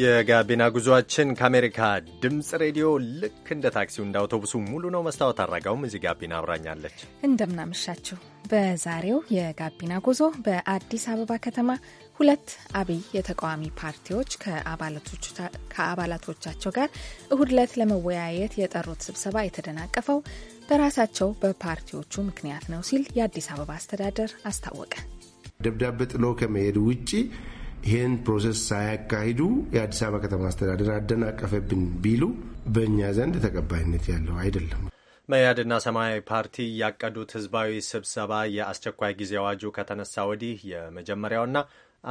የጋቢና ጉዟችን ከአሜሪካ ድምፅ ሬዲዮ ልክ እንደ ታክሲው እንደ አውቶቡሱ ሙሉ ነው። መስታወት አድራጋውም እዚህ ጋቢና አብራኛለች። እንደምናመሻችሁ። በዛሬው የጋቢና ጉዞ በአዲስ አበባ ከተማ ሁለት አብይ የተቃዋሚ ፓርቲዎች ከአባላቶቻቸው ጋር እሁድ ዕለት ለመወያየት የጠሩት ስብሰባ የተደናቀፈው በራሳቸው በፓርቲዎቹ ምክንያት ነው ሲል የአዲስ አበባ አስተዳደር አስታወቀ። ደብዳቤ ጥሎ ከመሄድ ውጪ ይህን ፕሮሰስ ሳያካሂዱ የአዲስ አበባ ከተማ አስተዳደር አደናቀፈብን ቢሉ በእኛ ዘንድ ተቀባይነት ያለው አይደለም። መያድና ሰማያዊ ፓርቲ ያቀዱት ህዝባዊ ስብሰባ የአስቸኳይ ጊዜ አዋጁ ከተነሳ ወዲህ የመጀመሪያውና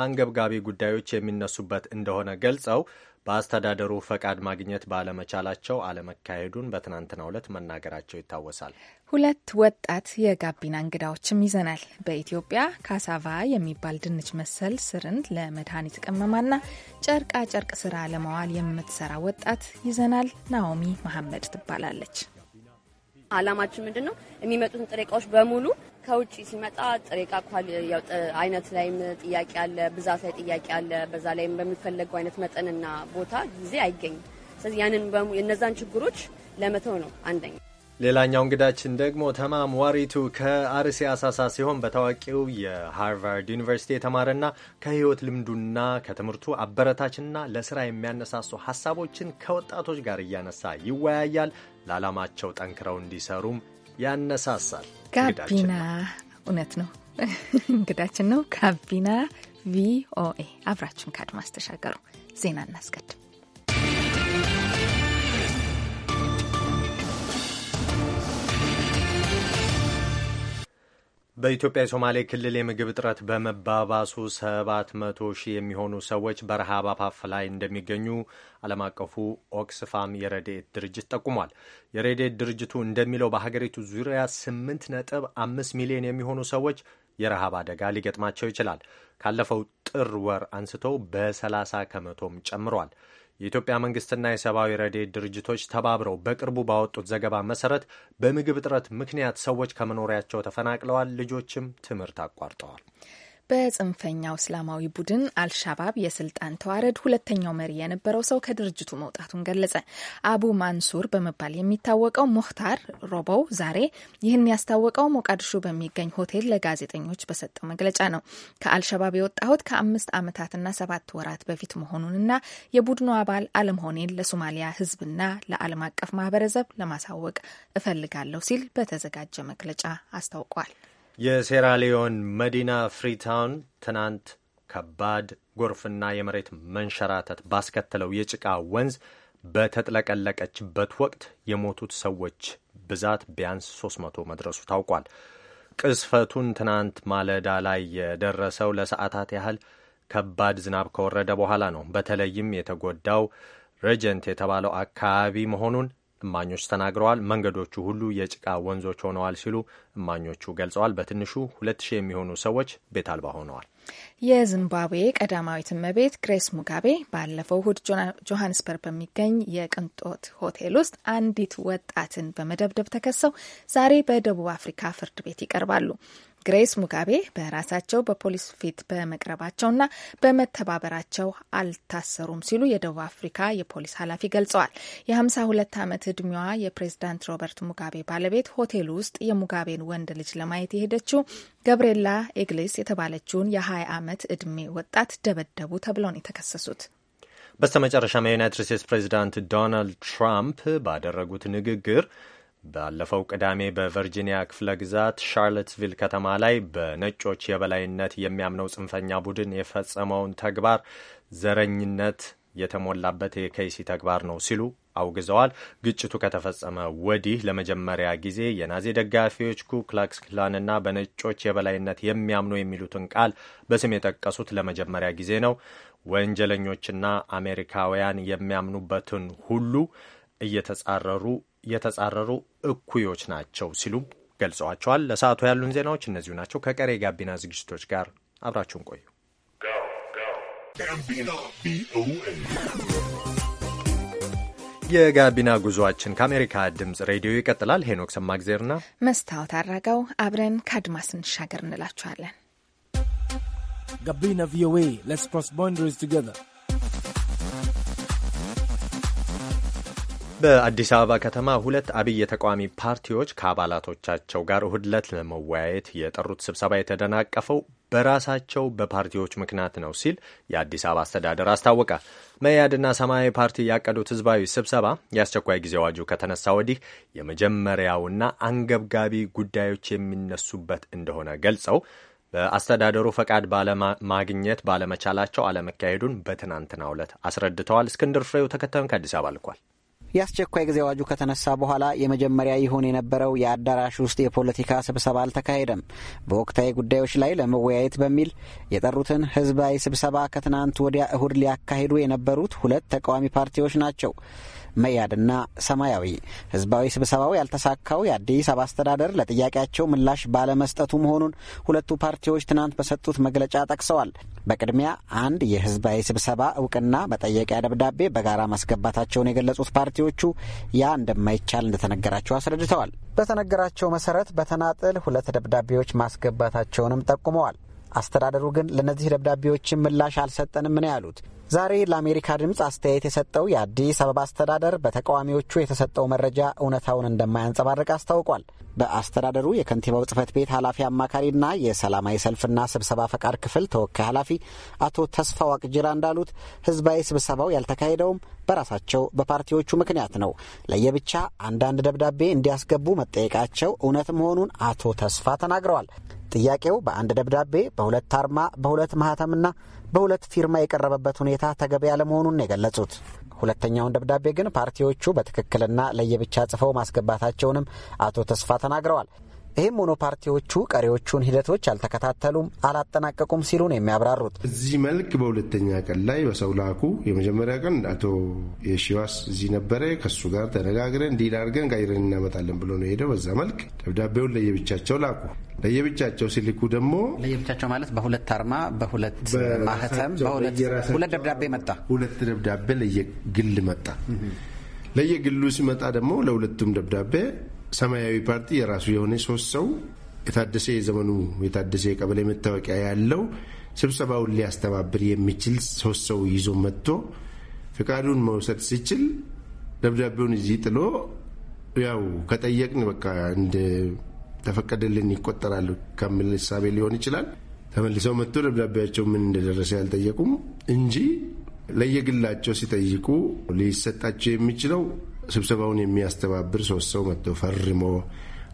አንገብጋቢ ጉዳዮች የሚነሱበት እንደሆነ ገልጸው በአስተዳደሩ ፈቃድ ማግኘት ባለመቻላቸው አለመካሄዱን በትናንትናው ዕለት መናገራቸው ይታወሳል። ሁለት ወጣት የጋቢና እንግዳዎችም ይዘናል። በኢትዮጵያ ካሳቫ የሚባል ድንች መሰል ስርን ለመድኃኒት ቅመማና ጨርቃ ጨርቅ ስራ ለመዋል የምትሰራ ወጣት ይዘናል። ናኦሚ መሐመድ ትባላለች። አላማችን ምንድን ነው? የሚመጡትን ጥሬ እቃዎች በሙሉ ከውጭ ሲመጣ ጥሬ እቃ አይነት ላይም ጥያቄ አለ፣ ብዛት ላይ ጥያቄ አለ። በዛ ላይም በሚፈለገው አይነት መጠንና ቦታ ጊዜ አይገኝም። ስለዚህ ያንን እነዛን ችግሮች ለመተው ነው አንደኛ ሌላኛው እንግዳችን ደግሞ ተማም ዋሪቱ ከአርሲ አሳሳ ሲሆን በታዋቂው የሃርቫርድ ዩኒቨርሲቲ የተማረና ከህይወት ልምዱና ከትምህርቱ አበረታችና ለስራ የሚያነሳሱ ሀሳቦችን ከወጣቶች ጋር እያነሳ ይወያያል። ለዓላማቸው ጠንክረው እንዲሰሩም ያነሳሳል። ጋቢና እውነት ነው እንግዳችን ነው። ጋቢና ቪኦኤ አብራችን ከአድማስ ተሻገሩ። ዜና እናስቀድም። በኢትዮጵያ የሶማሌ ክልል የምግብ እጥረት በመባባሱ ሰባት መቶ ሺህ የሚሆኑ ሰዎች በረሃብ አፋፍ ላይ እንደሚገኙ ዓለም አቀፉ ኦክስፋም የረድኤት ድርጅት ጠቁሟል። የረድኤት ድርጅቱ እንደሚለው በሀገሪቱ ዙሪያ ስምንት ነጥብ አምስት ሚሊዮን የሚሆኑ ሰዎች የረሃብ አደጋ ሊገጥማቸው ይችላል። ካለፈው ጥር ወር አንስቶ በ30 ከመቶም ጨምሯል። የኢትዮጵያ መንግስትና የሰብአዊ ረድኤት ድርጅቶች ተባብረው በቅርቡ ባወጡት ዘገባ መሰረት በምግብ እጥረት ምክንያት ሰዎች ከመኖሪያቸው ተፈናቅለዋል፣ ልጆችም ትምህርት አቋርጠዋል። በጽንፈኛው እስላማዊ ቡድን አልሻባብ የስልጣን ተዋረድ ሁለተኛው መሪ የነበረው ሰው ከድርጅቱ መውጣቱን ገለጸ። አቡ ማንሱር በመባል የሚታወቀው ሞህታር ሮቦው ዛሬ ይህን ያስታወቀው ሞቃዲሾ በሚገኝ ሆቴል ለጋዜጠኞች በሰጠው መግለጫ ነው። ከአልሸባብ የወጣሁት ከአምስት ዓመታትና ሰባት ወራት በፊት መሆኑንና የቡድኑ አባል አለመሆኔን ለሶማሊያ ሕዝብና ለዓለም አቀፍ ማህበረሰብ ለማሳወቅ እፈልጋለሁ ሲል በተዘጋጀ መግለጫ አስታውቋል። የሴራሊዮን መዲና ፍሪታውን ትናንት ከባድ ጎርፍና የመሬት መንሸራተት ባስከተለው የጭቃ ወንዝ በተጥለቀለቀችበት ወቅት የሞቱት ሰዎች ብዛት ቢያንስ 300 መድረሱ ታውቋል። ቅስፈቱን ትናንት ማለዳ ላይ የደረሰው ለሰዓታት ያህል ከባድ ዝናብ ከወረደ በኋላ ነው። በተለይም የተጎዳው ሬጀንት የተባለው አካባቢ መሆኑን እማኞች ተናግረዋል። መንገዶቹ ሁሉ የጭቃ ወንዞች ሆነዋል ሲሉ እማኞቹ ገልጸዋል። በትንሹ ሁለት ሺህ የሚሆኑ ሰዎች ቤት አልባ ሆነዋል። የዚምባብዌ ቀዳማዊት እመቤት ግሬስ ሙጋቤ ባለፈው እሁድ ጆሃንስበርግ በሚገኝ የቅንጦት ሆቴል ውስጥ አንዲት ወጣትን በመደብደብ ተከሰው ዛሬ በደቡብ አፍሪካ ፍርድ ቤት ይቀርባሉ። ግሬስ ሙጋቤ በራሳቸው በፖሊስ ፊት በመቅረባቸውና በመተባበራቸው አልታሰሩም ሲሉ የደቡብ አፍሪካ የፖሊስ ኃላፊ ገልጸዋል። የ52 ዓመት እድሜዋ የፕሬዝዳንት ሮበርት ሙጋቤ ባለቤት ሆቴል ውስጥ የሙጋቤን ወንድ ልጅ ለማየት የሄደችው ገብርኤላ ኤግሌስ የተባለችውን የ20 ዓመት እድሜ ወጣት ደበደቡ ተብለው ነው የተከሰሱት። በስተመጨረሻም የዩናይትድ ስቴትስ ፕሬዚዳንት ዶናልድ ትራምፕ ባደረጉት ንግግር ባለፈው ቅዳሜ በቨርጂኒያ ክፍለ ግዛት ሻርለትስቪል ከተማ ላይ በነጮች የበላይነት የሚያምነው ጽንፈኛ ቡድን የፈጸመውን ተግባር ዘረኝነት የተሞላበት የከይሲ ተግባር ነው ሲሉ አውግዘዋል። ግጭቱ ከተፈጸመ ወዲህ ለመጀመሪያ ጊዜ የናዚ ደጋፊዎች ኩክላክስ ክላንና በነጮች የበላይነት የሚያምኑ የሚሉትን ቃል በስም የጠቀሱት ለመጀመሪያ ጊዜ ነው። ወንጀለኞችና አሜሪካውያን የሚያምኑበትን ሁሉ እየተጻረሩ የተጻረሩ እኩዮች ናቸው ሲሉም ገልጸዋቸዋል። ለሰዓቱ ያሉን ዜናዎች እነዚሁ ናቸው። ከቀሪ የጋቢና ዝግጅቶች ጋር አብራችሁን ቆዩ። የጋቢና ጉዞአችን ከአሜሪካ ድምፅ ሬዲዮ ይቀጥላል። ሄኖክ ሰማግዜርና መስታወት አድረገው አብረን ከአድማስ እንሻገር እንላችኋለን። ጋቢና ቪኦኤ ሌትስ ክሮስ ባውንደሪስ ቱጌዘር በአዲስ አበባ ከተማ ሁለት አብይ የተቃዋሚ ፓርቲዎች ከአባላቶቻቸው ጋር እሁድ ዕለት ለመወያየት የጠሩት ስብሰባ የተደናቀፈው በራሳቸው በፓርቲዎች ምክንያት ነው ሲል የአዲስ አበባ አስተዳደር አስታወቀ። መያድና ሰማያዊ ፓርቲ ያቀዱት ህዝባዊ ስብሰባ የአስቸኳይ ጊዜ አዋጁ ከተነሳ ወዲህ የመጀመሪያውና አንገብጋቢ ጉዳዮች የሚነሱበት እንደሆነ ገልጸው በአስተዳደሩ ፈቃድ ባለማግኘት ባለመቻላቸው አለመካሄዱን በትናንትናው ዕለት አስረድተዋል። እስክንድር ፍሬው ተከታዩን ከአዲስ አበባ ልኳል። የአስቸኳይ ጊዜ አዋጁ ከተነሳ በኋላ የመጀመሪያ ይሆን የነበረው የአዳራሽ ውስጥ የፖለቲካ ስብሰባ አልተካሄደም። በወቅታዊ ጉዳዮች ላይ ለመወያየት በሚል የጠሩትን ህዝባዊ ስብሰባ ከትናንት ወዲያ እሁድ ሊያካሂዱ የነበሩት ሁለት ተቃዋሚ ፓርቲዎች ናቸው። መያድና ሰማያዊ። ህዝባዊ ስብሰባው ያልተሳካው የአዲስ አበባ አስተዳደር ለጥያቄያቸው ምላሽ ባለመስጠቱ መሆኑን ሁለቱ ፓርቲዎች ትናንት በሰጡት መግለጫ ጠቅሰዋል። በቅድሚያ አንድ የህዝባዊ ስብሰባ እውቅና መጠየቂያ ደብዳቤ በጋራ ማስገባታቸውን የገለጹት ፓርቲዎቹ ያ እንደማይቻል እንደተነገራቸው አስረድተዋል። በተነገራቸው መሰረት በተናጥል ሁለት ደብዳቤዎች ማስገባታቸውንም ጠቁመዋል። አስተዳደሩ ግን ለእነዚህ ደብዳቤዎችን ምላሽ አልሰጠንም ነው ያሉት። ዛሬ ለአሜሪካ ድምፅ አስተያየት የሰጠው የአዲስ አበባ አስተዳደር በተቃዋሚዎቹ የተሰጠው መረጃ እውነታውን እንደማያንጸባርቅ አስታውቋል። በአስተዳደሩ የከንቲባው ጽህፈት ቤት ኃላፊ አማካሪና የሰላማዊ ሰልፍና ስብሰባ ፈቃድ ክፍል ተወካይ ኃላፊ አቶ ተስፋ ዋቅጅራ እንዳሉት ህዝባዊ ስብሰባው ያልተካሄደውም በራሳቸው በፓርቲዎቹ ምክንያት ነው። ለየብቻ አንዳንድ ደብዳቤ እንዲያስገቡ መጠየቃቸው እውነት መሆኑን አቶ ተስፋ ተናግረዋል። ጥያቄው በአንድ ደብዳቤ በሁለት አርማ በሁለት ማህተምና በሁለት ፊርማ የቀረበበት ሁኔታ ተገቢ ያለመሆኑን የገለጹት ሁለተኛውን ደብዳቤ ግን ፓርቲዎቹ በትክክልና ለየብቻ ጽፈው ማስገባታቸውንም አቶ ተስፋ ተናግረዋል። ይህም ሆኖ ፓርቲዎቹ ቀሪዎቹን ሂደቶች አልተከታተሉም፣ አላጠናቀቁም ሲሉ ነው የሚያብራሩት። እዚህ መልክ በሁለተኛ ቀን ላይ በሰው ላኩ። የመጀመሪያ ቀን አቶ የሺዋስ እዚህ ነበረ። ከሱ ጋር ተነጋግረን እንዲል አድርገን ቀይረን እናመጣለን ብሎ ነው የሄደው። በዛ መልክ ደብዳቤውን ለየብቻቸው ላኩ። ለየብቻቸው ሲልኩ ደግሞ ለየብቻቸው ማለት በሁለት አርማ፣ በሁለት ማህተም፣ ሁለት ደብዳቤ መጣ። ሁለት ደብዳቤ ለየግል መጣ። ለየግሉ ሲመጣ ደግሞ ለሁለቱም ደብዳቤ ሰማያዊ ፓርቲ የራሱ የሆነ ሶስት ሰው የታደሰ የዘመኑ የታደሰ የቀበሌ መታወቂያ ያለው ስብሰባውን ሊያስተባብር የሚችል ሶስት ሰው ይዞ መጥቶ ፍቃዱን መውሰድ ሲችል ደብዳቤውን እዚህ ጥሎ ያው ከጠየቅን በቃ እንደተፈቀደልን ይቆጠራሉ ከሚል እሳቤ ሊሆን ይችላል። ተመልሰው መጥቶ ደብዳቤያቸው ምን እንደደረሰ ያልጠየቁም እንጂ ለየግላቸው ሲጠይቁ ሊሰጣቸው የሚችለው ስብሰባውን የሚያስተባብር ሶስት ሰው መጥቶ ፈርሞ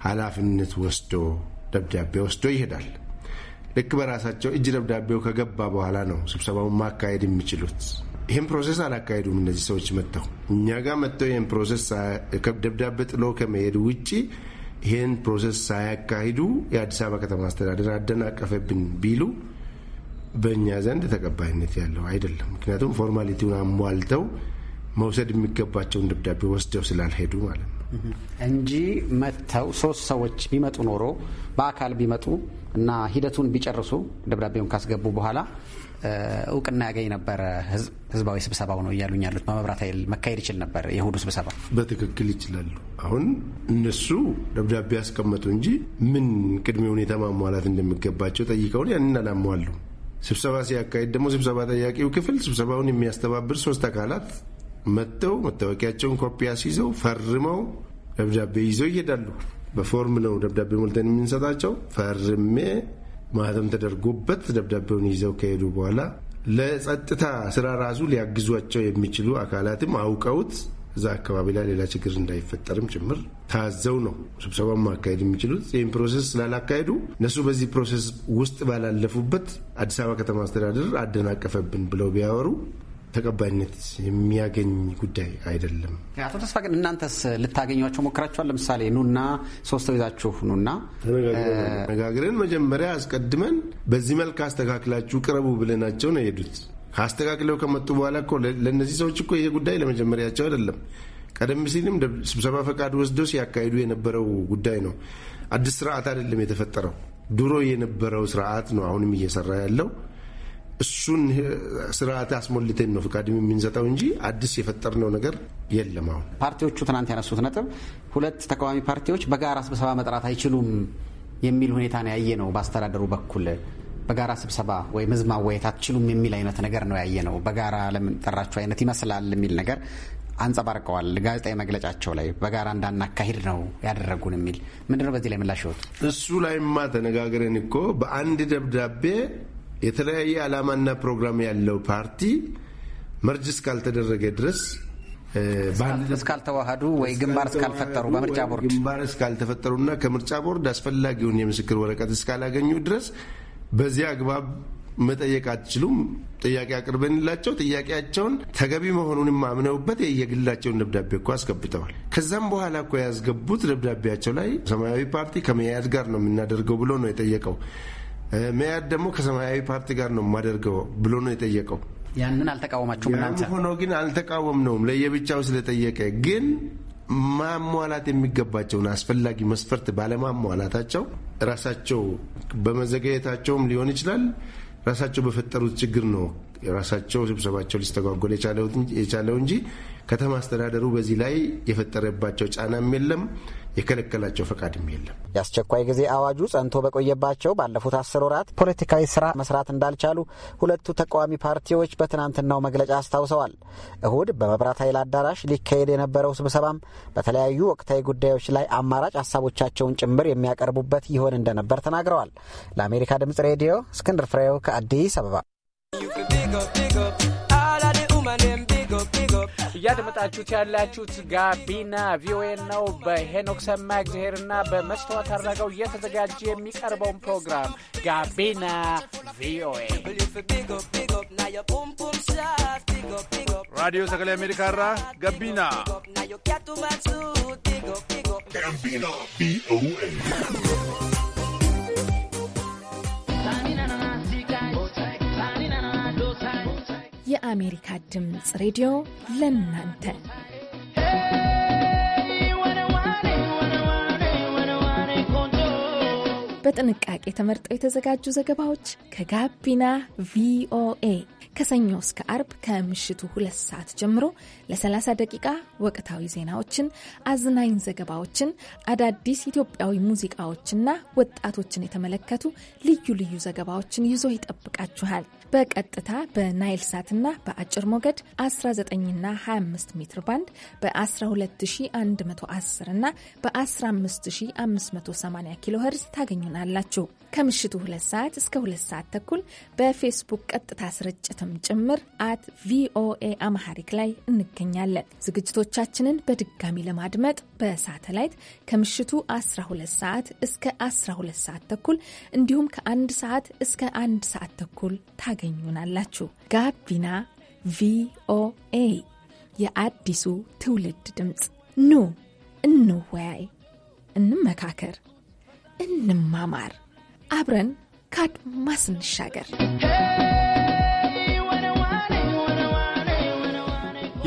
ኃላፊነት ወስዶ ደብዳቤ ወስዶ ይሄዳል። ልክ በራሳቸው እጅ ደብዳቤው ከገባ በኋላ ነው ስብሰባውን ማካሄድ የሚችሉት። ይህም ፕሮሰስ አላካሄዱም። እነዚህ ሰዎች መጥተው እኛ ጋር መጥተው ይህን ፕሮሰስ ደብዳቤ ጥሎ ከመሄድ ውጭ ይህን ፕሮሰስ ሳያካሂዱ የአዲስ አበባ ከተማ አስተዳደር አደናቀፈብን ቢሉ በእኛ ዘንድ ተቀባይነት ያለው አይደለም። ምክንያቱም ፎርማሊቲውን አሟልተው መውሰድ የሚገባቸውን ደብዳቤ ወስደው ስላልሄዱ ማለት ነው እንጂ መጥተው ሶስት ሰዎች ቢመጡ ኖሮ በአካል ቢመጡ እና ሂደቱን ቢጨርሱ ደብዳቤውን ካስገቡ በኋላ እውቅና ያገኝ ነበረ። ህዝባዊ ስብሰባው ነው እያሉኝ ያሉት በመብራት ኃይል መካሄድ ይችል ነበር። የእሁዱ ስብሰባ በትክክል ይችላሉ። አሁን እነሱ ደብዳቤ ያስቀመጡ እንጂ ምን ቅድሜ ሁኔታ ማሟላት እንደሚገባቸው ጠይቀውን ያንን አላሟሉ። ስብሰባ ሲያካሄድ ደግሞ ስብሰባ ጠያቂው ክፍል ስብሰባውን የሚያስተባብር ሶስት አካላት መጥተው መታወቂያቸውን ኮፒያ ሲይዘው ፈርመው ደብዳቤ ይዘው ይሄዳሉ። በፎርም ነው ደብዳቤ ሞልተን የምንሰጣቸው። ፈርሜ ማህተም ተደርጎበት ደብዳቤውን ይዘው ከሄዱ በኋላ ለጸጥታ ስራ ራሱ ሊያግዟቸው የሚችሉ አካላትም አውቀውት እዛ አካባቢ ላይ ሌላ ችግር እንዳይፈጠርም ጭምር ታዘው ነው ስብሰባ ማካሄድ የሚችሉት። ይህም ፕሮሰስ ስላላካሄዱ እነሱ በዚህ ፕሮሰስ ውስጥ ባላለፉበት አዲስ አበባ ከተማ አስተዳደር አደናቀፈብን ብለው ቢያወሩ ተቀባይነት የሚያገኝ ጉዳይ አይደለም። አቶ ተስፋ ግን እናንተስ ልታገኟቸው ሞክራችኋል? ለምሳሌ ኑና ሶስት ሰው ይዛችሁ ኑና ተነጋግረን መጀመሪያ አስቀድመን በዚህ መልክ አስተካክላችሁ ቅረቡ ብለናቸው ነው የሄዱት። ከአስተካክለው ከመጡ በኋላ እኮ ለእነዚህ ሰዎች እኮ ይሄ ጉዳይ ለመጀመሪያቸው አይደለም። ቀደም ሲልም ስብሰባ ፈቃድ ወስደው ሲያካሂዱ የነበረው ጉዳይ ነው። አዲስ ስርዓት አይደለም የተፈጠረው። ድሮ የነበረው ስርዓት ነው አሁንም እየሰራ ያለው እሱን ስርዓት አስሞልተን ነው ፍቃድ የምንሰጠው እንጂ አዲስ የፈጠርነው ነገር የለም። አሁን ፓርቲዎቹ ትናንት ያነሱት ነጥብ ሁለት ተቃዋሚ ፓርቲዎች በጋራ ስብሰባ መጥራት አይችሉም የሚል ሁኔታ ነው ያየ ነው። በአስተዳደሩ በኩል በጋራ ስብሰባ ወይም ህዝብ ማወያየት አትችሉም የሚል አይነት ነገር ነው ያየ ነው። በጋራ ለምን ጠራችሁ አይነት ይመስላል የሚል ነገር አንጸባርቀዋል። ጋዜጣዊ መግለጫቸው ላይ በጋራ እንዳናካሂድ ነው ያደረጉን የሚል ምንድነው። በዚህ ላይ ምላሽ ይወጡ እሱ ላይማ ተነጋግረን እኮ በአንድ ደብዳቤ የተለያየ ዓላማና ፕሮግራም ያለው ፓርቲ መርጅ እስካልተደረገ ድረስ እስካልተዋህዱ ወይ ግንባር እስካልፈጠሩ በምርጫ ቦርድ ግንባር እስካልተፈጠሩና ከምርጫ ቦርድ አስፈላጊውን የምስክር ወረቀት እስካላገኙ ድረስ በዚህ አግባብ መጠየቅ አትችሉም። ጥያቄ አቅርበንላቸው ጥያቄያቸውን ተገቢ መሆኑን ማምነውበት የየግላቸውን ደብዳቤ እኮ አስገብተዋል። ከዛም በኋላ እኮ ያስገቡት ደብዳቤያቸው ላይ ሰማያዊ ፓርቲ ከመያድ ጋር ነው የምናደርገው ብሎ ነው የጠየቀው። መያድ ደግሞ ከሰማያዊ ፓርቲ ጋር ነው የማደርገው ብሎ ነው የጠየቀው። ያንን አልተቃወማችሁም እናንተ? ሆኖ ግን አልተቃወም ነውም ለየብቻው ስለጠየቀ ግን ማሟላት የሚገባቸውን አስፈላጊ መስፈርት ባለማሟላታቸው ራሳቸው በመዘገየታቸውም ሊሆን ይችላል። ራሳቸው በፈጠሩት ችግር ነው ራሳቸው ስብሰባቸው ሊስተጓጎል የቻለው እንጂ ከተማ አስተዳደሩ በዚህ ላይ የፈጠረባቸው ጫናም የለም፣ የከለከላቸው ፈቃድም የለም። የአስቸኳይ ጊዜ አዋጁ ጸንቶ በቆየባቸው ባለፉት አስር ወራት ፖለቲካዊ ስራ መስራት እንዳልቻሉ ሁለቱ ተቃዋሚ ፓርቲዎች በትናንትናው መግለጫ አስታውሰዋል። እሁድ በመብራት ኃይል አዳራሽ ሊካሄድ የነበረው ስብሰባም በተለያዩ ወቅታዊ ጉዳዮች ላይ አማራጭ ሀሳቦቻቸውን ጭምር የሚያቀርቡበት ይሆን እንደነበር ተናግረዋል። ለአሜሪካ ድምጽ ሬዲዮ እስክንድር ፍሬው ከአዲስ አበባ እያደመጣችሁት ያላችሁት ጋቢና ቪኦኤ ነው። በሄኖክ ሰማ እግዚአብሔርና በመስተዋት አድረገው እየተዘጋጀ የሚቀርበውን ፕሮግራም ጋቢና ቪኦኤ ራዲዮ ሰገሌ አሜሪካ ራ ጋቢና ጋቢና ቪኦኤ ከአሜሪካ ድምፅ ሬዲዮ ለናንተ በጥንቃቄ ተመርጠው የተዘጋጁ ዘገባዎች ከጋቢና ቪኦኤ ከሰኞ እስከ አርብ ከምሽቱ ሁለት ሰዓት ጀምሮ ለ30 ደቂቃ ወቅታዊ ዜናዎችን፣ አዝናኝ ዘገባዎችን፣ አዳዲስ ኢትዮጵያዊ ሙዚቃዎችና ወጣቶችን የተመለከቱ ልዩ ልዩ ዘገባዎችን ይዞ ይጠብቃችኋል። በቀጥታ በናይል ሳትና በአጭር ሞገድ 19ና 25 ሜትር ባንድ በ12110 እና በ15580 ኪሎ ሄርዝ ታገኙናላችሁ። ከምሽቱ ሁለት ሰዓት እስከ ሁለት ሰዓት ተኩል በፌስቡክ ቀጥታ ስርጭትም ጭምር አት ቪኦኤ አማሐሪክ ላይ እንገኛለን። ዝግጅቶቻችንን በድጋሚ ለማድመጥ በሳተላይት ከምሽቱ 12 ሰዓት እስከ 12 ሰዓት ተኩል እንዲሁም ከአንድ ሰዓት እስከ አንድ ሰዓት ተኩል ታገኙናላችሁ። ጋቢና ቪኦኤ የአዲሱ ትውልድ ድምፅ። ኑ እንወያይ፣ እንመካከር፣ እንማማር አብረን ከአድማስ እንሻገር።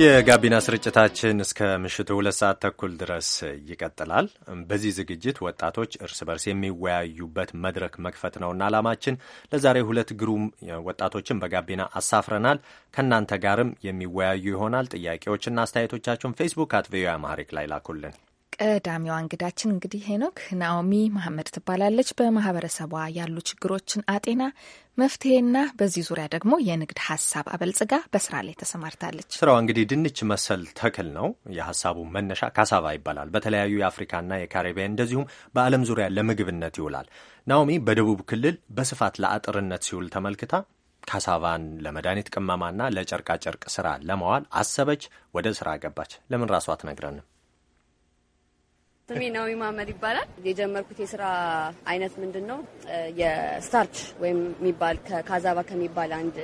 የጋቢና ስርጭታችን እስከ ምሽቱ ሁለት ሰዓት ተኩል ድረስ ይቀጥላል። በዚህ ዝግጅት ወጣቶች እርስ በርስ የሚወያዩበት መድረክ መክፈት ነውና ዓላማችን። ለዛሬ ሁለት ግሩም ወጣቶችን በጋቢና አሳፍረናል። ከእናንተ ጋርም የሚወያዩ ይሆናል። ጥያቄዎችና አስተያየቶቻችሁን ፌስቡክ አት ቪኦኤ አማሪክ ላይ ላኩልን። ቀዳሚዋ እንግዳችን እንግዲህ ሄኖክ ናኦሚ መሐመድ ትባላለች። በማህበረሰቧ ያሉ ችግሮችን አጤና መፍትሄና በዚህ ዙሪያ ደግሞ የንግድ ሀሳብ አበልጽጋ በስራ ላይ ተሰማርታለች። ስራዋ እንግዲህ ድንች መሰል ተክል ነው። የሀሳቡ መነሻ ካሳቫ ይባላል። በተለያዩ የአፍሪካና የካሪቢያን እንደዚሁም በዓለም ዙሪያ ለምግብነት ይውላል። ናኦሚ በደቡብ ክልል በስፋት ለአጥርነት ሲውል ተመልክታ ካሳቫን ለመድኃኒት ቅመማና ለጨርቃጨርቅ ስራ ለማዋል አሰበች፣ ወደ ስራ ገባች። ለምን ራሷ አትነግረንም? ስሜ ናዊ ማመድ ይባላል። የጀመርኩት የስራ አይነት ምንድን ነው? የስታርች ወይም የሚባል ከካዛባ ከሚባል አንድ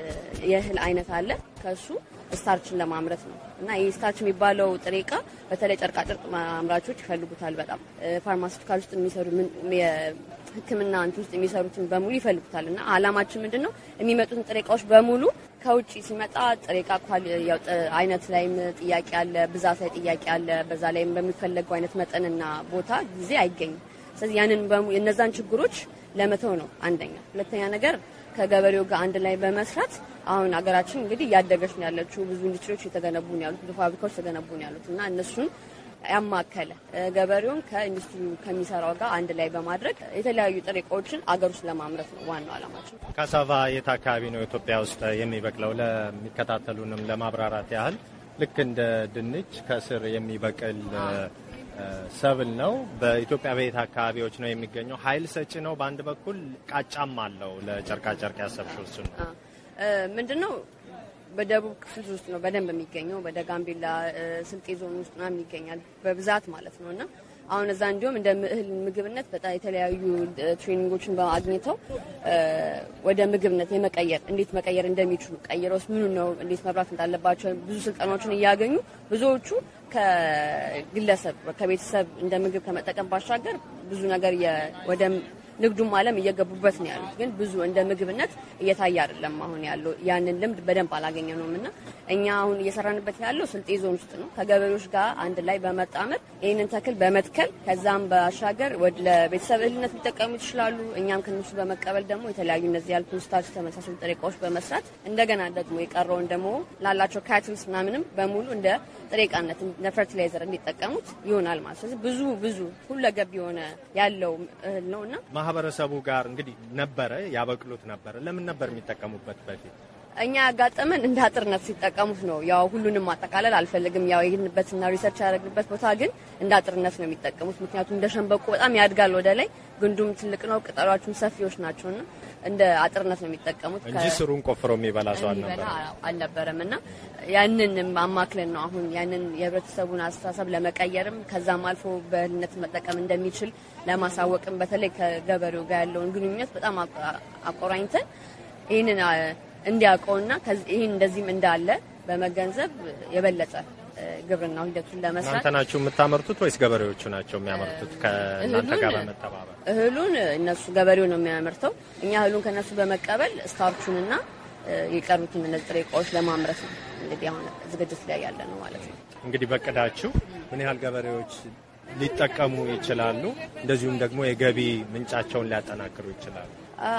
የእህል አይነት አለ። ከእሱ ስታርችን ለማምረት ነው እና ይህ ስታርች የሚባለው ጥሬ እቃ በተለይ ጨርቃጨርቅ አምራቾች ይፈልጉታል። በጣም ፋርማሲቲካል ውስጥ የሚሰሩ ሕክምና አንቺ ውስጥ የሚሰሩትን በሙሉ ይፈልጉታል እና አላማችን ምንድን ነው? የሚመጡትን ጥሬ እቃዎች በሙሉ ከውጭ ሲመጣ ጥሬ እቃ አይነት ላይም ጥያቄ አለ፣ ብዛት ላይ ጥያቄ አለ። በዛ ላይም በሚፈለገው አይነት መጠንና ቦታ ጊዜ አይገኝም። ስለዚህ ያንን እነዛን ችግሮች ለመተው ነው አንደኛ። ሁለተኛ ነገር ከገበሬው ጋር አንድ ላይ በመስራት አሁን ሀገራችን እንግዲህ እያደገች ነው ያለችው። ብዙ ኢንዱስትሪዎች የተገነቡ ነው ያሉት፣ ብዙ ፋብሪካዎች የተገነቡ ነው ያሉት እና እነሱን ያማከለ ገበሬውን ከኢንዱስትሪ ከሚሰራው ጋር አንድ ላይ በማድረግ የተለያዩ ጥሬ እቃዎችን አገር ውስጥ ለማምረት ነው ዋናው ዓላማችን። ካሳቫ የት አካባቢ ነው ኢትዮጵያ ውስጥ የሚበቅለው? ለሚከታተሉንም ለማብራራት ያህል ልክ እንደ ድንች ከስር የሚበቅል ሰብል ነው። በኢትዮጵያ በየት አካባቢዎች ነው የሚገኘው? ኃይል ሰጪ ነው በአንድ በኩል ቃጫም አለው። ለጨርቃጨርቅ ያሰብሽው እሱ ምንድን ነው በደቡብ ክፍል ውስጥ ነው በደንብ የሚገኘው። በደጋምቤላ ስልጤ ዞን ውስጥ ምናምን ይገኛል በብዛት ማለት ነው እና አሁን እዛ እንዲሁም እንደ እህል ምግብነት በጣም የተለያዩ ትሬኒንጎችን በማግኘተው ወደ ምግብነት የመቀየር እንዴት መቀየር እንደሚችሉ ቀይረውስ ምኑ ነው እንዴት መብራት እንዳለባቸው ብዙ ስልጠናዎችን እያገኙ ብዙዎቹ ከግለሰብ ከቤተሰብ እንደ ምግብ ከመጠቀም ባሻገር ብዙ ነገር ወደ ንግዱም ማለም እየገቡበት ነው ያሉት። ግን ብዙ እንደ ምግብነት እየታየ አይደለም አሁን ያለው ያንን ልምድ በደንብ አላገኘ ነውም እና እኛ አሁን እየሰራንበት ያለው ስልጤ ዞን ውስጥ ነው ከገበሬዎች ጋር አንድ ላይ በመጣመር ይህንን ተክል በመትከል ከዛም ባሻገር ለቤተሰብ እህልነት ሊጠቀሙ ይችላሉ። እኛም ከነሱ በመቀበል ደግሞ የተለያዩ እነዚህ ያልኩ ስታች ተመሳሰሉ ጥሬ እቃዎች በመስራት እንደገና ደግሞ የቀረውን ደግሞ ላላቸው ካትልስ ምናምንም በሙሉ እንደ ጥሬ እቃነት ፈርቲላይዘር እንዲጠቀሙት ይሆናል ማለት ስለዚህ ብዙ ብዙ ሁለገብ የሆነ ያለው እህል ነው እና ከማህበረሰቡ ጋር እንግዲህ ነበረ ያበቅሉት ነበረ። ለምን ነበር የሚጠቀሙበት በፊት? እኛ ያጋጠመን እንደ አጥርነት ሲጠቀሙት ነው። ያው ሁሉንም ማጠቃለል አልፈልግም። ያው የሄድንበትና ሪሰርች ያደረግንበት ቦታ ግን እንደ አጥርነት ነው የሚጠቀሙት። ምክንያቱም እንደ ሸንበቆ በጣም ያድጋል ወደ ላይ፣ ግንዱም ትልቅ ነው፣ ቅጠሎቹም ሰፊዎች ናቸውና እንደ አጥርነት ነው የሚጠቀሙት እንጂ ስሩን ቆፍሮ የሚበላ ሰው አልነበረም። እና ያንን አማክለን ነው አሁን ያንን የህብረተሰቡን አስተሳሰብ ለመቀየርም ከዛም አልፎ በእህልነት መጠቀም እንደሚችል ለማሳወቅም በተለይ ከገበሬው ጋር ያለውን ግንኙነት በጣም አቆራኝተን ይህንን እንዲያውቀውና ይህን እንደዚህም እንዳለ በመገንዘብ የበለጠ ግብርና ሂደቱን ለመስራት እናንተ ናችሁ የምታመርቱት ወይስ ገበሬዎቹ ናቸው የሚያመርቱት? ከእናንተ ጋር በመተባበር እህሉን እነሱ ገበሬው ነው የሚያመርተው። እኛ እህሉን ከነሱ በመቀበል ስታርቹንና የቀሩትን እነዚህ ጥሬ እቃዎች ለማምረት ነው እንግዲህ አሁን ዝግጅት ላይ ያለ ነው ማለት ነው። እንግዲህ በቅዳችሁ ምን ያህል ገበሬዎች ሊጠቀሙ ይችላሉ? እንደዚሁም ደግሞ የገቢ ምንጫቸውን ሊያጠናክሩ ይችላሉ?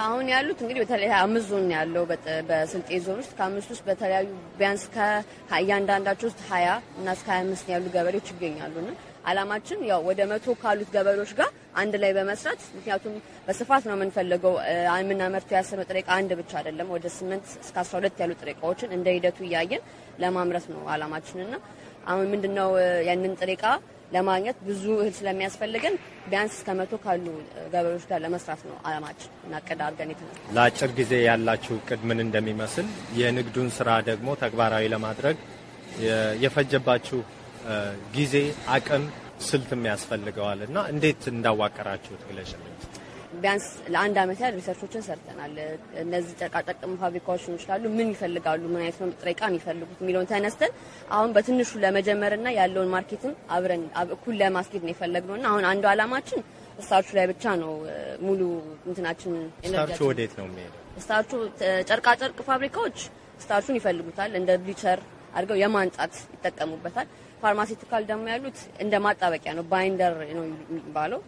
አሁን ያሉት እንግዲህ በተለይ አምስት ዞን ያለው በስልጤ ዞን ውስጥ ከአምስት ውስጥ በተለያዩ ቢያንስ ከእያንዳንዳቸው ውስጥ ሀያ እና እስከ ሀያ አምስት ያሉ ገበሬዎች ይገኛሉ ና አላማችን ያው ወደ መቶ ካሉት ገበሬዎች ጋር አንድ ላይ በመስራት ምክንያቱም በስፋት ነው የምንፈልገው የምናመርተው ያሰብነው ጥሬ አንድ ብቻ አይደለም። ወደ ስምንት እስከ አስራ ሁለት ያሉ ጥሬ ዕቃዎችን እንደ ሂደቱ እያየን ለማምረት ነው አላማችንና አሁን ምንድነው ያንን ጥሬ ለማግኘት ብዙ እህል ስለሚያስፈልግን ቢያንስ እስከ መቶ ካሉ ገበሬዎች ጋር ለመስራት ነው አለማችን እና እቅድ አድርገን ነው። ለአጭር ጊዜ ያላችሁ እቅድ ምን እንደሚመስል የንግዱን ስራ ደግሞ ተግባራዊ ለማድረግ የፈጀባችሁ ጊዜ፣ አቅም፣ ስልትም ያስፈልገዋል እና እንዴት እንዳዋቀራችሁት ግለጭ። ቢያንስ ለአንድ ዓመት ያህል ሪሰርቾችን ሰርተናል። እነዚህ ጨርቃጨርቅም ፋብሪካዎች ይችላሉ ምን ይፈልጋሉ፣ ምን አይነት ነው ጥሬ ዕቃ የሚፈልጉት የሚለውን ተነስተን አሁን በትንሹ ለመጀመርና ያለውን ማርኬትም አብረን እኩል ለማስኬድ ነው የፈለግነው እና አሁን አንዱ ዓላማችን ስታርቹ ላይ ብቻ ነው ሙሉ እንትናችን። ወዴት ነው የሚሄደው? ስታርቹ ጨርቃጨርቅ ፋብሪካዎች ስታርቹን ይፈልጉታል እንደ ብሊቸር አድርገው የማንጻት ይጠቀሙበታል። ፋርማሲቲካል ደግሞ ያሉት እንደ ማጣበቂያ ነው፣ ባይንደር ነው የሚባለው።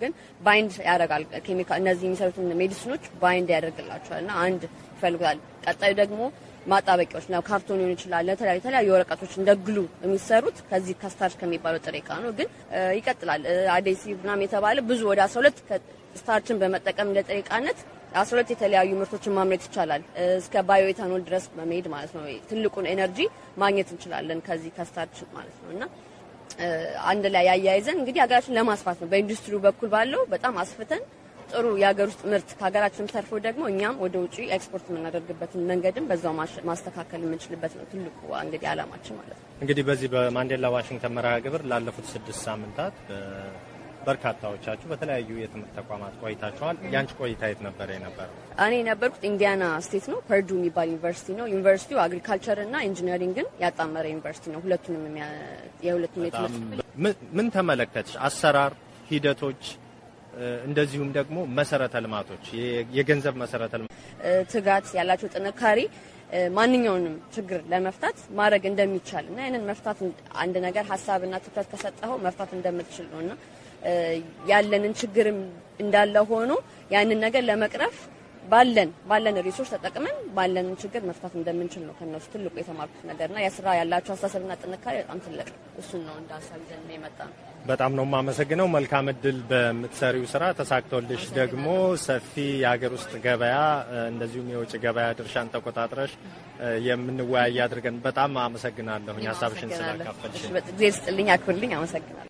ግን ባይንድ ያደርጋል ኬሚካል፣ እነዚህ የሚሰሩት ሜዲሲኖች ባይንድ ያደርግላቸዋል እና አንድ ይፈልጉታል። ቀጣዩ ደግሞ ማጣበቂያዎች ነው። ካርቶን ሊሆን ይችላል፣ የተለያዩ ወረቀቶች እንደ ግሉ የሚሰሩት ከዚህ ከስታርች ከሚባለው ጥሬ እቃ ነው። ግን ይቀጥላል አዴሲቭ ምናምን የተባለ ብዙ ወደ ሁለት ስታርችን በመጠቀም እንደ ጥሬ አስራ ሁለት የተለያዩ ምርቶችን ማምረት ይቻላል። እስከ ባዮኤታኖል ድረስ በመሄድ ማለት ነው ትልቁን ኤነርጂ ማግኘት እንችላለን ከዚህ ከስታርች ማለት ነው እና አንድ ላይ ያያይዘን እንግዲህ ሀገራችን ለማስፋት ነው በኢንዱስትሪው በኩል ባለው በጣም አስፍተን ጥሩ የሀገር ውስጥ ምርት ከሀገራችን ተርፎ ደግሞ እኛም ወደ ውጭ ኤክስፖርት የምናደርግበትን መንገድም በዛው ማስተካከል የምንችልበት ነው ትልቁ እንግዲህ አላማችን ማለት ነው። እንግዲህ በዚህ በማንዴላ ዋሽንግተን መርሃ ግብር ላለፉት ስድስት ሳምንታት በርካታዎቻችሁ በተለያዩ የትምህርት ተቋማት ቆይታችኋል። ያንቺ ቆይታ የት ነበረ የነበረው? እኔ የነበርኩት ኢንዲያና ስቴት ነው፣ ፐርዱ የሚባል ዩኒቨርሲቲ ነው። ዩኒቨርሲቲው አግሪካልቸር እና ኢንጂነሪንግን ያጣመረ ዩኒቨርሲቲ ነው። ሁለቱንም የሁለቱም የትምህርት ምን ተመለከትሽ? አሰራር ሂደቶች እንደዚሁም ደግሞ መሰረተ ልማቶች የገንዘብ መሰረተ ልማት ትጋት ያላቸው ጥንካሬ ማንኛውንም ችግር ለመፍታት ማድረግ እንደሚቻል እና ይህንን መፍታት አንድ ነገር ሀሳብና ትኩረት ከሰጠኸው መፍታት እንደምትችል ነው እና ያለንን ችግር እንዳለ ሆኖ ያንን ነገር ለመቅረፍ ባለን ባለን ሪሶርስ ተጠቅመን ባለንን ችግር መፍታት እንደምንችል ነው ከነሱ ትልቁ የተማርኩት ነገር ነገርና የስራ ያላቸው አስተሳሰብና ጥንካሬ በጣም ትልቅ እሱን ነው እንዳሳብ ሀሳብ ይዘን የመጣ ነው። በጣም ነው የማመሰግነው። መልካም እድል በምትሰሪው ስራ ተሳክቶልሽ ደግሞ ሰፊ የሀገር ውስጥ ገበያ እንደዚሁም የውጭ ገበያ ድርሻን ተቆጣጥረሽ የምንወያይ አድርገን በጣም አመሰግናለሁ ሀሳብሽን ስላካፈልሽ። ጊዜ ስጥልኝ፣ አክብርልኝ። አመሰግናለሁ።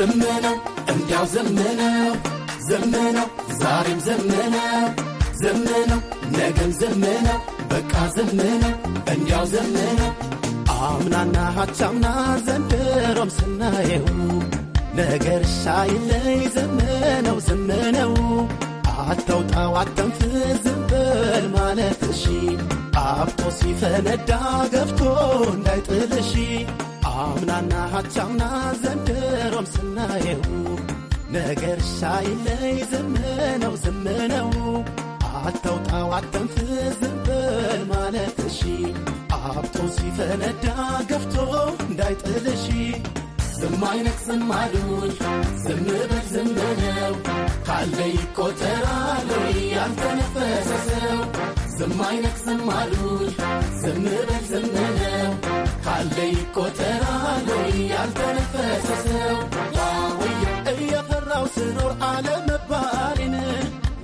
ዘመነው እንዲያው ዘመነው ዘመነው ዛሬም ዘመነው ዘመነው ነገም ዘመነው በቃ ዘመነው እንዲያው ዘመነው አምናና ሀቻምና ዘንድሮም ስናየው ነገር ሻይለይ ዘመነው ዘመነው አተውጣው አተንፍ ዝንበል ማለት እሺ አብቶ ሲፈነዳ ገብቶ እንዳይጥልሺ አምናና ሃቻምና ዘንድሮም ስናየው ነገር ሻይለይ ዘመነው ዘመነው አተውጣው አተንፍስ ዝም ማለት እሺ አብቶ ሲፈነዳ ገፍቶ እንዳይጥልሺ ዝም አይነት ዝም አሉኝ ዝም በል ዝም በለው ካለ ይቆጠራል ያልተነፈሰ ሰው ዝም አይነት ዝም አሉኝ ዝም በል ዝም አለኝ ቆጠራ ነው ያልተነፈሰ ሰው ዋወየ እየፈራው ስኖር አለመባሌን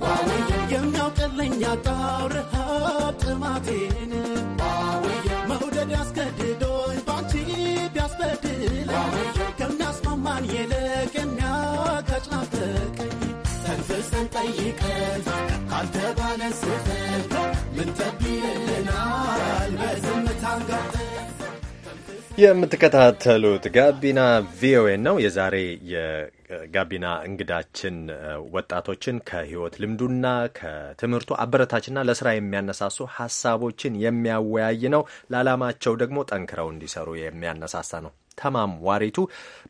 ዋወየ የሚያውቅልኝ ያጣው ረሃብ ጥማቴን ዋወየ መውደድ ያስገድዶኝ ባንቺ ቢያስበድለኝ ከሚያስማማን ይልቅ የሚያጋጭናፈቀኝ ተንፍሰን ጠይቀን ካልተባለ ስህተት ምን ተብይልናል በዝምታ የምትከታተሉት ጋቢና ቪኦኤ ነው። የዛሬ የጋቢና እንግዳችን ወጣቶችን ከህይወት ልምዱና ከትምህርቱ አበረታችና ለስራ የሚያነሳሱ ሀሳቦችን የሚያወያይ ነው። ለዓላማቸው ደግሞ ጠንክረው እንዲሰሩ የሚያነሳሳ ነው። ተማም ዋሪቱ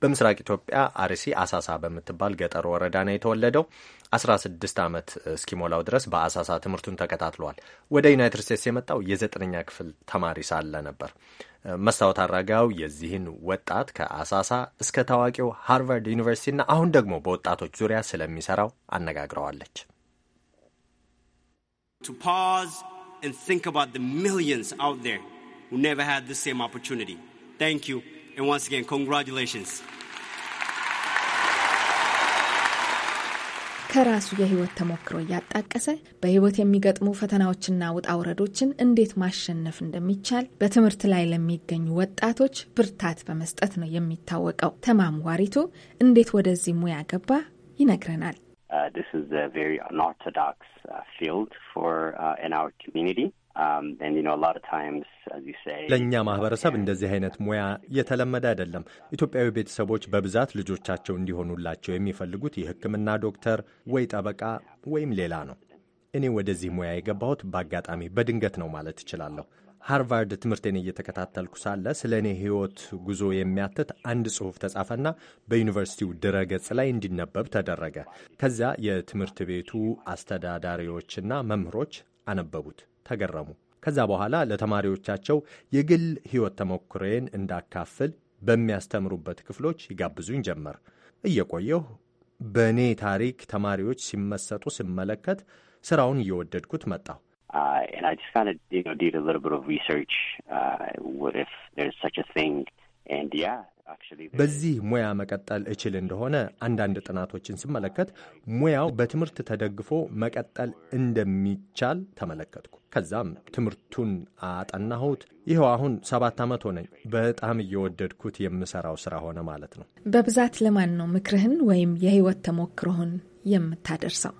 በምስራቅ ኢትዮጵያ አርሲ አሳሳ በምትባል ገጠር ወረዳ ነው የተወለደው። 16 ዓመት እስኪሞላው ድረስ በአሳሳ ትምህርቱን ተከታትሏል። ወደ ዩናይትድ ስቴትስ የመጣው የዘጠነኛ ክፍል ተማሪ ሳለ ነበር። መስታወት አራጋው የዚህን ወጣት ከአሳሳ እስከ ታዋቂው ሃርቫርድ ዩኒቨርሲቲና አሁን ደግሞ በወጣቶች ዙሪያ ስለሚሰራው አነጋግረዋለች። ን And once again, congratulations. ከራሱ የህይወት ተሞክሮ እያጣቀሰ በህይወት የሚገጥሙ ፈተናዎችና ውጣ ውረዶችን እንዴት ማሸነፍ እንደሚቻል በትምህርት ላይ ለሚገኙ ወጣቶች ብርታት በመስጠት ነው የሚታወቀው። ተማም ዋሪቱ እንዴት ወደዚህ ሙያ ገባ ይነግረናል። Um, ለእኛ ማህበረሰብ እንደዚህ አይነት ሙያ የተለመደ አይደለም። ኢትዮጵያዊ ቤተሰቦች በብዛት ልጆቻቸው እንዲሆኑላቸው የሚፈልጉት የሕክምና ዶክተር ወይ ጠበቃ ወይም ሌላ ነው። እኔ ወደዚህ ሙያ የገባሁት በአጋጣሚ በድንገት ነው ማለት እችላለሁ። ሃርቫርድ ትምህርቴን እየተከታተልኩ ሳለ ስለ እኔ ህይወት ጉዞ የሚያትት አንድ ጽሑፍ ተጻፈና በዩኒቨርሲቲው ድረገጽ ላይ እንዲነበብ ተደረገ። ከዚያ የትምህርት ቤቱ አስተዳዳሪዎችና መምህሮች አነበቡት። ተገረሙ። ከዛ በኋላ ለተማሪዎቻቸው የግል ሕይወት ተሞክሬን እንዳካፍል በሚያስተምሩበት ክፍሎች ይጋብዙኝ ጀመር። እየቆየሁ በእኔ ታሪክ ተማሪዎች ሲመሰጡ ስመለከት ስራውን እየወደድኩት መጣሁ። uh, በዚህ ሙያ መቀጠል እችል እንደሆነ አንዳንድ ጥናቶችን ስመለከት ሙያው በትምህርት ተደግፎ መቀጠል እንደሚቻል ተመለከትኩ። ከዛም ትምህርቱን አጠናሁት። ይኸው አሁን ሰባት ዓመት ሆነኝ። በጣም እየወደድኩት የምሰራው ስራ ሆነ ማለት ነው። በብዛት ለማን ነው ምክርህን ወይም የህይወት ተሞክሮህን የምታደርሰው?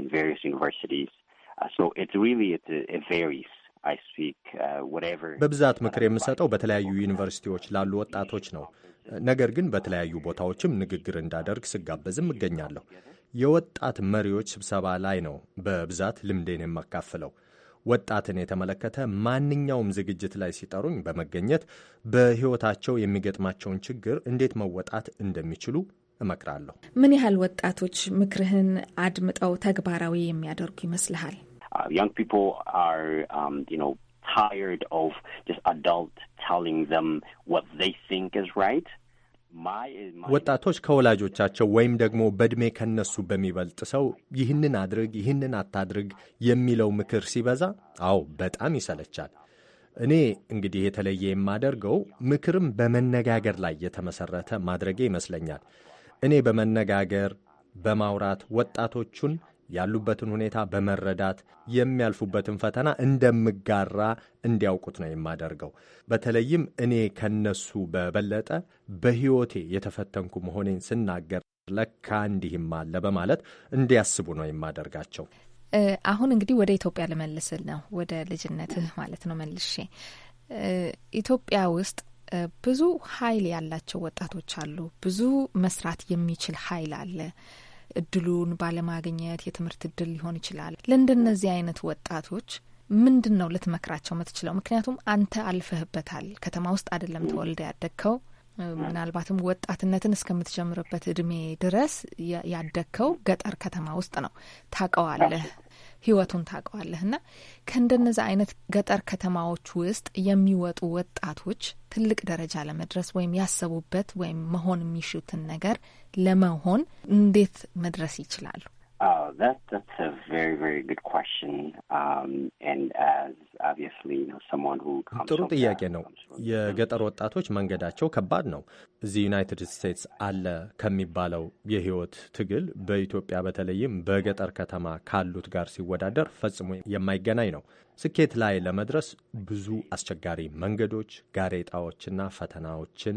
ዩኒቨርሲቲስ Uh, በብዛት ምክር የምሰጠው በተለያዩ ዩኒቨርሲቲዎች ላሉ ወጣቶች ነው። ነገር ግን በተለያዩ ቦታዎችም ንግግር እንዳደርግ ስጋበዝም እገኛለሁ። የወጣት መሪዎች ስብሰባ ላይ ነው በብዛት ልምዴን የማካፍለው። ወጣትን የተመለከተ ማንኛውም ዝግጅት ላይ ሲጠሩኝ በመገኘት በሕይወታቸው የሚገጥማቸውን ችግር እንዴት መወጣት እንደሚችሉ እመክራለሁ። ምን ያህል ወጣቶች ምክርህን አድምጠው ተግባራዊ የሚያደርጉ ይመስልሃል? uh, young people are, um, you know, tired of just adults telling them what they think is right. ወጣቶች ከወላጆቻቸው ወይም ደግሞ በዕድሜ ከነሱ በሚበልጥ ሰው ይህንን አድርግ፣ ይህንን አታድርግ የሚለው ምክር ሲበዛ፣ አዎ በጣም ይሰለቻል። እኔ እንግዲህ የተለየ የማደርገው ምክርም በመነጋገር ላይ የተመሰረተ ማድረጌ ይመስለኛል። እኔ በመነጋገር በማውራት ወጣቶቹን ያሉበትን ሁኔታ በመረዳት የሚያልፉበትን ፈተና እንደምጋራ እንዲያውቁት ነው የማደርገው። በተለይም እኔ ከነሱ በበለጠ በሕይወቴ የተፈተንኩ መሆኔን ስናገር ለካ እንዲህም አለ በማለት እንዲያስቡ ነው የማደርጋቸው። አሁን እንግዲህ ወደ ኢትዮጵያ ልመልስል ነው ወደ ልጅነትህ ማለት ነው መልሼ ኢትዮጵያ ውስጥ ብዙ ኃይል ያላቸው ወጣቶች አሉ። ብዙ መስራት የሚችል ኃይል አለ። እድሉን ባለማግኘት የትምህርት እድል ሊሆን ይችላል። ለእንደነዚህ አይነት ወጣቶች ምንድን ነው ልትመክራቸው ምትችለው? ምክንያቱም አንተ አልፈህበታል። ከተማ ውስጥ አይደለም ተወልደ ያደግከው ምናልባትም ወጣትነትን እስከምትጀምርበት እድሜ ድረስ ያደግከው ገጠር ከተማ ውስጥ ነው። ታቀዋለህ ህይወቱን ታውቀዋለህ። ከእንደነዚ አይነት ገጠር ከተማዎች ውስጥ የሚወጡ ወጣቶች ትልቅ ደረጃ ለመድረስ ወይም ያሰቡበት ወይም መሆን የሚሹትን ነገር ለመሆን እንዴት መድረስ ይችላሉ? Oh, that that's a very very good question. Um, and as obviously, you know, someone who comes ጥሩ ጥያቄ ነው። የገጠር ወጣቶች መንገዳቸው ከባድ ነው። እዚህ ዩናይትድ ስቴትስ አለ ከሚባለው የህይወት ትግል በኢትዮጵያ በተለይም በገጠር ከተማ ካሉት ጋር ሲወዳደር ፈጽሞ የማይገናኝ ነው። ስኬት ላይ ለመድረስ ብዙ አስቸጋሪ መንገዶች፣ ጋሬጣዎችና ፈተናዎችን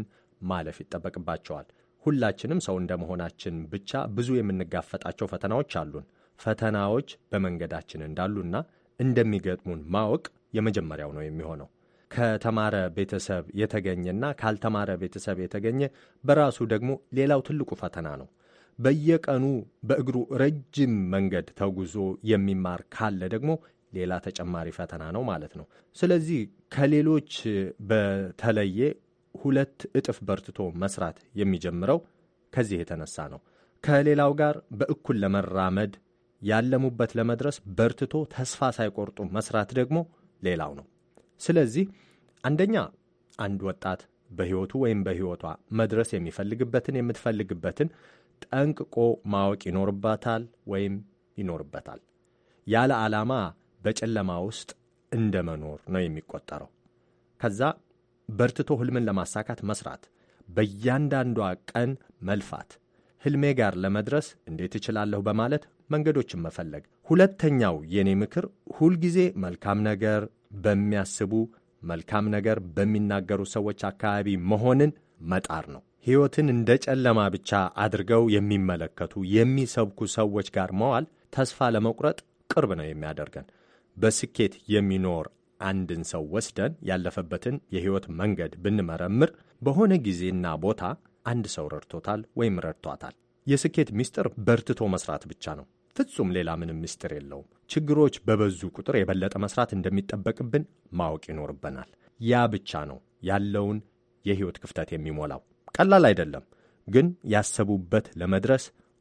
ማለፍ ይጠበቅባቸዋል። ሁላችንም ሰው እንደመሆናችን ብቻ ብዙ የምንጋፈጣቸው ፈተናዎች አሉን። ፈተናዎች በመንገዳችን እንዳሉና እንደሚገጥሙን ማወቅ የመጀመሪያው ነው የሚሆነው። ከተማረ ቤተሰብ የተገኘና ካልተማረ ቤተሰብ የተገኘ በራሱ ደግሞ ሌላው ትልቁ ፈተና ነው። በየቀኑ በእግሩ ረጅም መንገድ ተጉዞ የሚማር ካለ ደግሞ ሌላ ተጨማሪ ፈተና ነው ማለት ነው። ስለዚህ ከሌሎች በተለየ ሁለት እጥፍ በርትቶ መስራት የሚጀምረው ከዚህ የተነሳ ነው። ከሌላው ጋር በእኩል ለመራመድ ያለሙበት ለመድረስ በርትቶ ተስፋ ሳይቆርጡ መስራት ደግሞ ሌላው ነው። ስለዚህ አንደኛ አንድ ወጣት በሕይወቱ ወይም በሕይወቷ መድረስ የሚፈልግበትን የምትፈልግበትን ጠንቅቆ ማወቅ ይኖርባታል ወይም ይኖርበታል። ያለ ዓላማ በጨለማ ውስጥ እንደ መኖር ነው የሚቆጠረው። ከዛ በርትቶ ህልምን ለማሳካት መስራት፣ በእያንዳንዷ ቀን መልፋት፣ ህልሜ ጋር ለመድረስ እንዴት እችላለሁ በማለት መንገዶችን መፈለግ። ሁለተኛው የኔ ምክር ሁልጊዜ መልካም ነገር በሚያስቡ መልካም ነገር በሚናገሩ ሰዎች አካባቢ መሆንን መጣር ነው። ሕይወትን እንደ ጨለማ ብቻ አድርገው የሚመለከቱ የሚሰብኩ ሰዎች ጋር መዋል ተስፋ ለመቁረጥ ቅርብ ነው የሚያደርገን። በስኬት የሚኖር አንድን ሰው ወስደን ያለፈበትን የሕይወት መንገድ ብንመረምር በሆነ ጊዜና ቦታ አንድ ሰው ረድቶታል ወይም ረድቷታል። የስኬት ምስጢር በርትቶ መስራት ብቻ ነው። ፍጹም ሌላ ምንም ምስጢር የለውም። ችግሮች በበዙ ቁጥር የበለጠ መስራት እንደሚጠበቅብን ማወቅ ይኖርብናል። ያ ብቻ ነው ያለውን የሕይወት ክፍተት የሚሞላው። ቀላል አይደለም፣ ግን ያሰቡበት ለመድረስ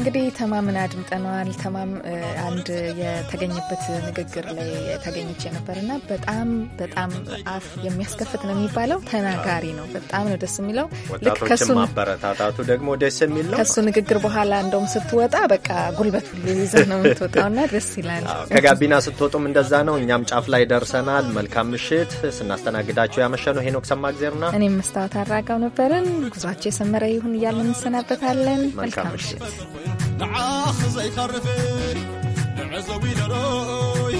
እንግዲህ ተማምን አድምጠነዋል። ተማም አንድ የተገኘበት ንግግር ላይ ተገኝቼ ነበርና በጣም በጣም አፍ የሚያስከፍት ነው የሚባለው ተናጋሪ ነው። በጣም ነው ደስ የሚለው። ወጣቶችን ማበረታታቱ ደግሞ ደስ የሚለው ከሱ ንግግር በኋላ እንደውም ስትወጣ በቃ ጉልበት ሁሉ ይዘህ ነው የምትወጣውና ደስ ይላል። ከጋቢና ስትወጡም እንደዛ ነው። እኛም ጫፍ ላይ ደርሰናል። መልካም ምሽት። ስናስተናግዳቸው ነው ሄኖክ ሰማእግዜርና እኔም መስታወት አራጋው ነበርን። ጉዟቸው የሰመረ ይሁን እያለን እንሰናበታለን። መልካም ምሽት። ንዓኽ ዘይኻርፍን ንዕዘዊ ደሮይ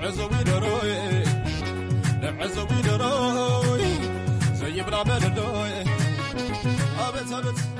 ንዕዘዊ ደሮይ ንዕዘዊ ደሮይ ዘይብላ መደዶይ ኣበት ኣበት